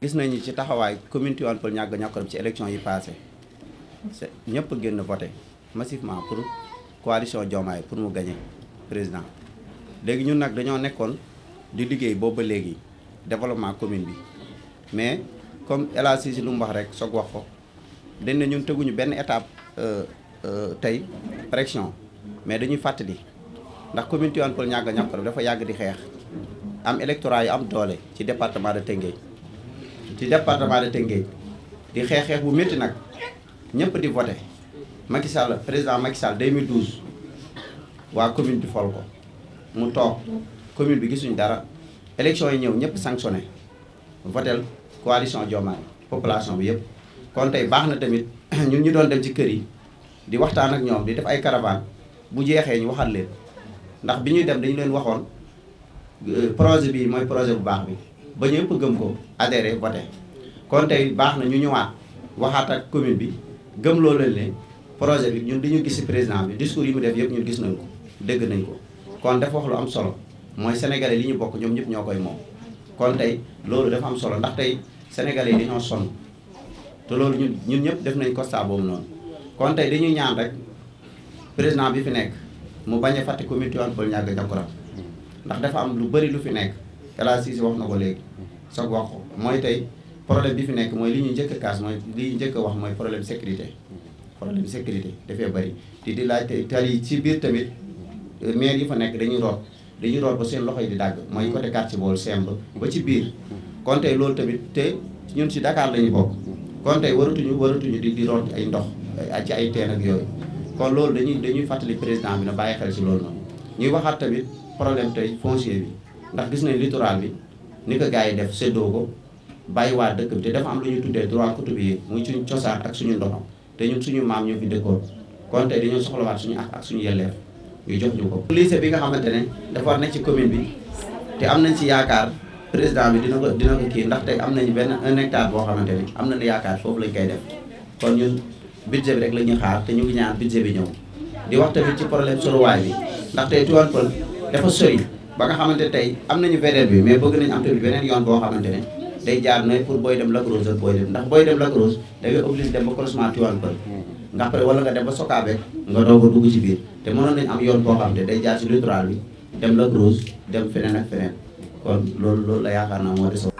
gis nañu ci taxawaay commune Tivaouane Peulh Niaga Niakoul ci élection yi passé ñëpp génn voté massivement pour coalition Diomaye pour mu gagné président léegi ñun nag dañoo nekkoon di liggéey boobu ba léegi développement commune bi mais comme El Hadj lu mu wax rek soog wax ko dañ ne ñun teguñu benn étape euh, euh, tey pression mais dañuy fàttali. ndax commune Tivaouane Peulh Niaga Ñàkkar dafa yàgg di xeex am électorat yi am doole ci département de Tëngéej ci département de Tëngéej di xeex xeex bu métti nag ñëpp di voté Macky Sall président Macky Sall 2012 waa commune bi fol ko mu toog commune bi gisuñ dara élection yi ñëw ñëpp sanctionné votel coalition Diomaye population bi yëpp kon tey baax na tamit ñun ñu doon dem ci kër yi di waxtaan ak ñoom di def ay caravane bu jeexee ñu waxal leen ndax bi ñuy dem dañu leen waxoon euh, projet bii mooy projet bu baax bi ba ñëpp gëm ko adhéré voté kon tey baax na ñu ñëwaat waxaat ak commune bi gëm loo leen ne projet bi ñun dañu gis si président bi discours yi mu def yëpp ñun gis nañ ko dégg nañ ko kon dafa wax lu am solo mooy sénégalais li ñu bokk ñoom ñëpp ñoo koy moom kon tey loolu dafa am solo ndax tey sénégalais yi dañoo sonn te loolu ñu ñun ñëpp def nañ constat boobu noonu kon tey dañuy ñaan rek président bi fi nekk mu bañ a fàtte commune Tivaouane Peulh Niaga Niakoulane ndax dafa am lu bëri lu fi nekk El Hadj Cissé wax na ko léegi soog wax ko mooy tey problème bi fi nekk mooy li ñu njëkk a kaas mooy li ñu njëkk wax mooy problème sécurité problème sécurité dafee bëri te di laajte tali ci biir tamit mais yi fa nekk dañuy root dañuy root ba seen loxo yi di dàgg mooy côté quartier bool semb ba ci biir kon loolu tamit te ñun si dakaar la ñu bokk kon waratuñu waratuñu di di ay ndox ci ay teen ak yooyu kon loolu dañuy dañuy fàttali président bi na bàyyi xel si loolu noonu ñuy waxaat tamit problème tey foncier bi ndax gis nañ littoral bi ni ko gars yi def séddoo ko bàyyi waa dëkk bi te dafa am lu ñu tuddee droit coutumier muy suñu cosaan ak suñu ndoxam te ñun suñu maam ñoo fi dëkkoon kon tey dañoo soxlawaat suñu ak suñu yelleef ñu jox ñu ko. bi nga xamante ne dafa war nekk ci commune bi te am nañ ci yaakaar président bi dina ko dina ko kii ndax tey am nañ benn un hectare boo xamante ne am na nañu yaakaar foofu lañ koy def kon ñun. budget bi rek la ñuy xaar te ñu ngi ñaan budget bi ñëw di wax tamit ci problème soriwaay bi ndax tey Tivaouane Peulh dafa sori ba nga xamante tey am nañu VDN bi mais bëgg nañu am tamit beneen yoon boo xamante ne day jaar nooy pour booy dem Lac Rose ak booy dem ndax booy dem Lac Rose da ngay obligé dem ba croisement Tivaouane Peulh nga pare wala nga dem ba Sokaabe nga doog a dugg ci biir te mënoon nañu am yoon boo xamante day jaar ci littoral bi dem